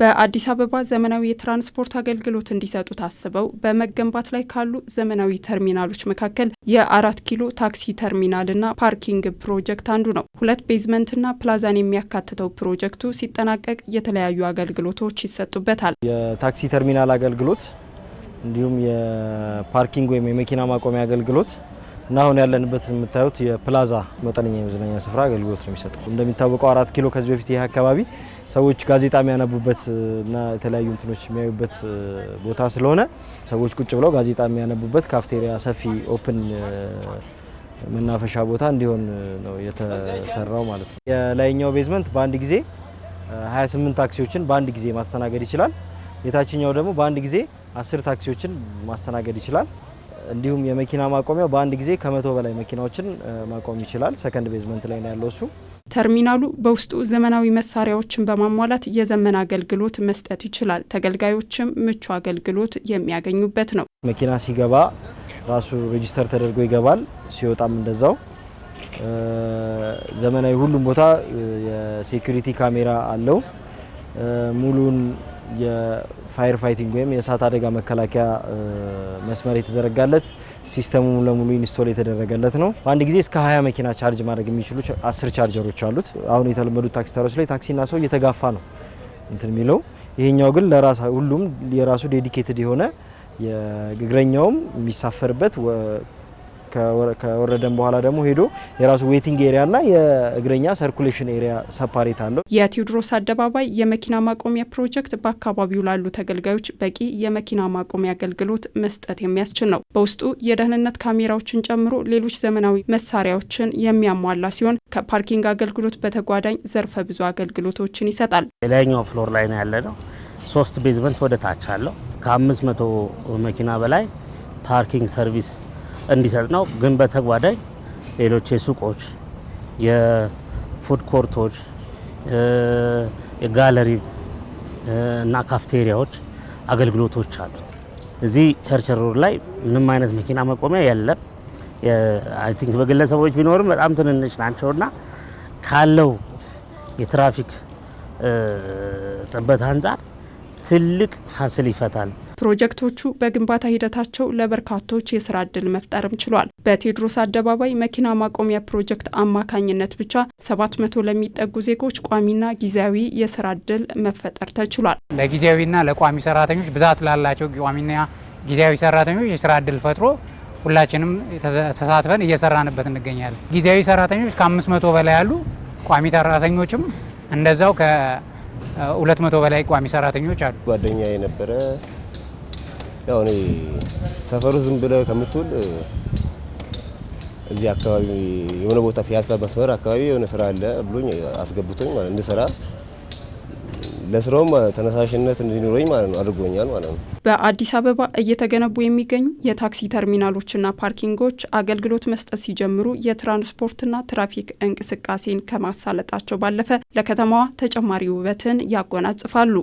በአዲስ አበባ ዘመናዊ የትራንስፖርት አገልግሎት እንዲሰጡ ታስበው በመገንባት ላይ ካሉ ዘመናዊ ተርሚናሎች መካከል የአራት ኪሎ ታክሲ ተርሚናልና ፓርኪንግ ፕሮጀክት አንዱ ነው። ሁለት ቤዝመንትና ፕላዛን የሚያካትተው ፕሮጀክቱ ሲጠናቀቅ የተለያዩ አገልግሎቶች ይሰጡበታል። የታክሲ ተርሚናል አገልግሎት እንዲሁም የፓርኪንግ ወይም የመኪና ማቆሚያ አገልግሎት እና አሁን ያለንበት የምታዩት የፕላዛ መጠነኛ የመዝናኛ ስፍራ አገልግሎት ነው የሚሰጠው። እንደሚታወቀው አራት ኪሎ ከዚህ በፊት ይህ አካባቢ ሰዎች ጋዜጣ የሚያነቡበት እና የተለያዩ እንትኖች የሚያዩበት ቦታ ስለሆነ ሰዎች ቁጭ ብለው ጋዜጣ የሚያነቡበት ካፍቴሪያ፣ ሰፊ ኦፕን መናፈሻ ቦታ እንዲሆን ነው የተሰራው ማለት ነው። የላይኛው ቤዝመንት በአንድ ጊዜ 28 ታክሲዎችን በአንድ ጊዜ ማስተናገድ ይችላል። የታችኛው ደግሞ በአንድ ጊዜ 10 ታክሲዎችን ማስተናገድ ይችላል። እንዲሁም የመኪና ማቆሚያው በአንድ ጊዜ ከመቶ በላይ መኪናዎችን ማቆም ይችላል። ሰከንድ ቤዝመንት ላይ ነው ያለው እሱ። ተርሚናሉ በውስጡ ዘመናዊ መሳሪያዎችን በማሟላት የዘመን አገልግሎት መስጠት ይችላል። ተገልጋዮችም ምቹ አገልግሎት የሚያገኙበት ነው። መኪና ሲገባ ራሱ ሬጂስተር ተደርጎ ይገባል። ሲወጣም እንደዛው ዘመናዊ ሁሉም ቦታ የሴኩሪቲ ካሜራ አለው። ሙሉን የፋየር ፋይቲንግ ወይም የእሳት አደጋ መከላከያ መስመር የተዘረጋለት ሲስተሙ ለሙሉ ኢንስቶል የተደረገለት ነው። በአንድ ጊዜ እስከ 20 መኪና ቻርጅ ማድረግ የሚችሉ አስር ቻርጀሮች አሉት። አሁን የተለመዱት ታክሲ ተራዎች ላይ ታክሲና ሰው እየተጋፋ ነው እንትን የሚለው ይሄኛው ግን ለራሳ ሁሉም የራሱ ዴዲኬትድ የሆነ የእግረኛውም የሚሳፈርበት ከወረደን በኋላ ደግሞ ሄዶ የራሱ ዌቲንግ ኤሪያና የእግረኛ ሰርኩሌሽን ኤሪያ ሰፓሬት አለው። የቴዎድሮስ አደባባይ የመኪና ማቆሚያ ፕሮጀክት በአካባቢው ላሉ ተገልጋዮች በቂ የመኪና ማቆሚያ አገልግሎት መስጠት የሚያስችል ነው። በውስጡ የደህንነት ካሜራዎችን ጨምሮ ሌሎች ዘመናዊ መሳሪያዎችን የሚያሟላ ሲሆን ከፓርኪንግ አገልግሎት በተጓዳኝ ዘርፈ ብዙ አገልግሎቶችን ይሰጣል። የላይኛው ፍሎር ላይ ነው ያለ ነው። ሶስት ቤዝመንት ወደ ታች አለው። ከአምስት መቶ መኪና በላይ ፓርኪንግ ሰርቪስ እንዲሰጥ ነው። ግን በተጓዳኝ ሌሎች የሱቆች፣ የፉድ ኮርቶች፣ የጋለሪ እና ካፍቴሪያዎች አገልግሎቶች አሉት። እዚህ ቸርቸሮር ሮድ ላይ ምንም አይነት መኪና መቆሚያ የለም። አይ ቲንክ በግለሰቦች ቢኖርም በጣም ትንንሽ ናቸው እና ካለው የትራፊክ ጥበት አንጻር ትልቅ ሀስል ይፈታል። ፕሮጀክቶቹ በግንባታ ሂደታቸው ለበርካቶች የስራ ዕድል መፍጠርም ችሏል። በቴዎድሮስ አደባባይ መኪና ማቆሚያ ፕሮጀክት አማካኝነት ብቻ 700 ለሚጠጉ ዜጎች ቋሚና ጊዜያዊ የስራ ዕድል መፈጠር ተችሏል። ለጊዜያዊና ለቋሚ ሰራተኞች ብዛት ላላቸው ቋሚና ጊዜያዊ ሰራተኞች የስራ ዕድል ፈጥሮ ሁላችንም ተሳትፈን እየሰራንበት እንገኛለን። ጊዜያዊ ሰራተኞች ከ500 በላይ ያሉ ቋሚ ሰራተኞችም እንደዛው ሁለት መቶ በላይ ቋሚ ሰራተኞች አሉ። ጓደኛ የነበረ ያው እኔ ሰፈሩ ዝም ብለህ ከምትውል እዚህ አካባቢ የሆነ ቦታ ፒያሳ መስመር አካባቢ የሆነ ስራ አለ ብሎኝ አስገብቶኝ እንድሰራ ለስራውም ተነሳሽነት እንዲኖረኝ ማለት ነው አድርጎኛል ማለት ነው። በአዲስ አበባ እየተገነቡ የሚገኙ የታክሲ ተርሚናሎችና ፓርኪንጎች አገልግሎት መስጠት ሲጀምሩ የትራንስፖርትና ትራፊክ እንቅስቃሴን ከማሳለጣቸው ባለፈ ለከተማዋ ተጨማሪ ውበትን ያጎናጽፋሉ።